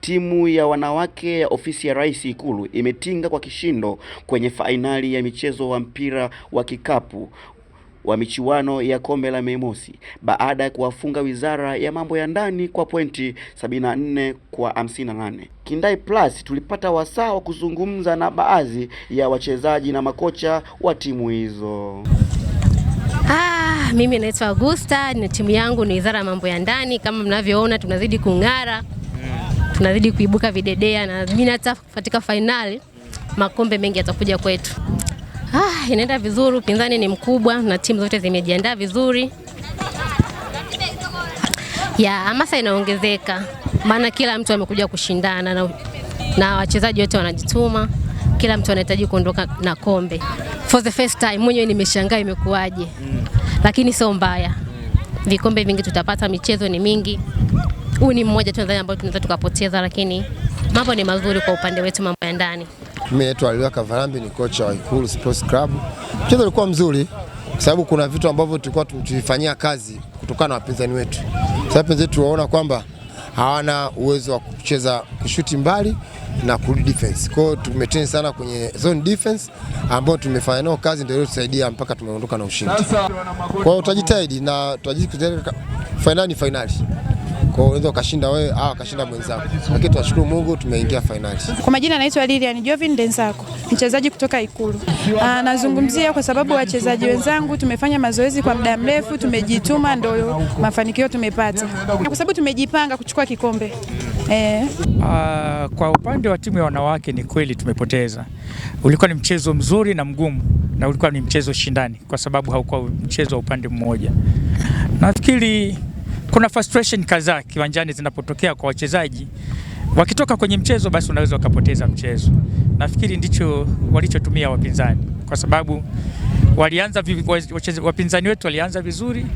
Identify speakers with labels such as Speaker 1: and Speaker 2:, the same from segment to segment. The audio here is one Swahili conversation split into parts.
Speaker 1: Timu ya wanawake ya ofisi ya Rais Ikulu imetinga kwa kishindo kwenye fainali ya michezo wa mpira wa kikapu wa michuano ya kombe la Mei Mosi baada ya kuwafunga Wizara ya Mambo ya Ndani kwa pointi 74 kwa 58. Kindai Plus tulipata wasaa wa kuzungumza na baadhi ya wachezaji na makocha wa timu hizo.
Speaker 2: Ah, mimi naitwa Augusta, ni timu yangu ni Wizara ya Mambo ya Ndani. Kama mnavyoona tunazidi kung'ara tunazidi kuibuka videdea, na mimi hata katika fainali makombe mengi yatakuja kwetu. Ah, inaenda vizuri, upinzani ni mkubwa na timu zote zimejiandaa vizuri ya hamasa inaongezeka, maana kila mtu amekuja kushindana na, na wachezaji wote wanajituma, kila mtu anahitaji kuondoka na kombe. For the first time mwenyewe nimeshangaa imekuwaje, mm. Lakini sio mbaya, vikombe vingi tutapata, michezo ni mingi huu ni mmoja tu nadhani ambao tunaweza tukapoteza, lakini mambo ni mazuri kwa upande wetu, mambo ya ndani.
Speaker 3: Mimi naitwa Aliwa Kavarambi, ni kocha wa Ikulu Sports Club. Mchezo ulikuwa mzuri kwa sababu kuna vitu ambavyo tulikuwa tulifanyia kazi kutokana na wapinzani wetu. Sasa wapinzani wetu waona kwamba hawana uwezo wa kucheza kushuti mbali na kurudi defense. Kwa hiyo tumetrain sana kwenye zone defense ambayo tumefanya nao kazi, ndio iliyotusaidia mpaka tumeondoka na ushindi. Kwa hiyo tutajitahidi na tutajitahidi, finali ni finali. Kwa hiyo unaweza ukashinda wewe au akashinda mwenzako, lakini tunashukuru Mungu tumeingia fainali.
Speaker 2: Kwa majina anaitwa Lilian Jovin Denzako, mchezaji kutoka Ikulu. Anazungumzia ah, kwa sababu wachezaji wenzangu tumefanya mazoezi kwa muda mrefu, tumejituma, ndio mafanikio tumepata, kwa sababu tumejipanga kuchukua kikombe. E.
Speaker 4: Uh, kwa upande wa timu ya wanawake ni kweli tumepoteza. Ulikuwa ni mchezo mzuri na mgumu na ulikuwa ni mchezo shindani kwa sababu haukuwa mchezo wa upande mmoja. Nafikiri kuna frustration kadhaa kiwanjani zinapotokea kwa wachezaji wakitoka kwenye mchezo basi unaweza ukapoteza mchezo. Nafikiri ndicho walichotumia wapinzani, kwa sababu walianza wapinzani wetu walianza vizuri,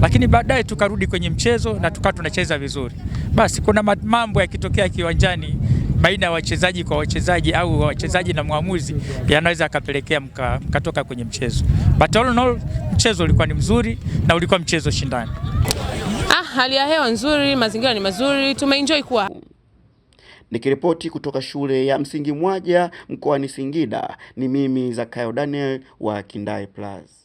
Speaker 4: lakini baadaye tukarudi kwenye mchezo na tukawa tunacheza vizuri. Basi kuna mambo yakitokea kiwanjani baina ya wachezaji kwa wachezaji au wachezaji na mwamuzi yanaweza akapelekea mka, mkatoka kwenye mchezo. But all in all, mchezo ulikuwa ni mzuri na ulikuwa mchezo shindani
Speaker 2: hali ya hewa nzuri, mazingira ni mazuri, tumeenjoy kuwa.
Speaker 1: Nikiripoti kutoka shule ya msingi Mwaja mkoani Singida, ni mimi Zakayo Daniel wa Kindai Plus.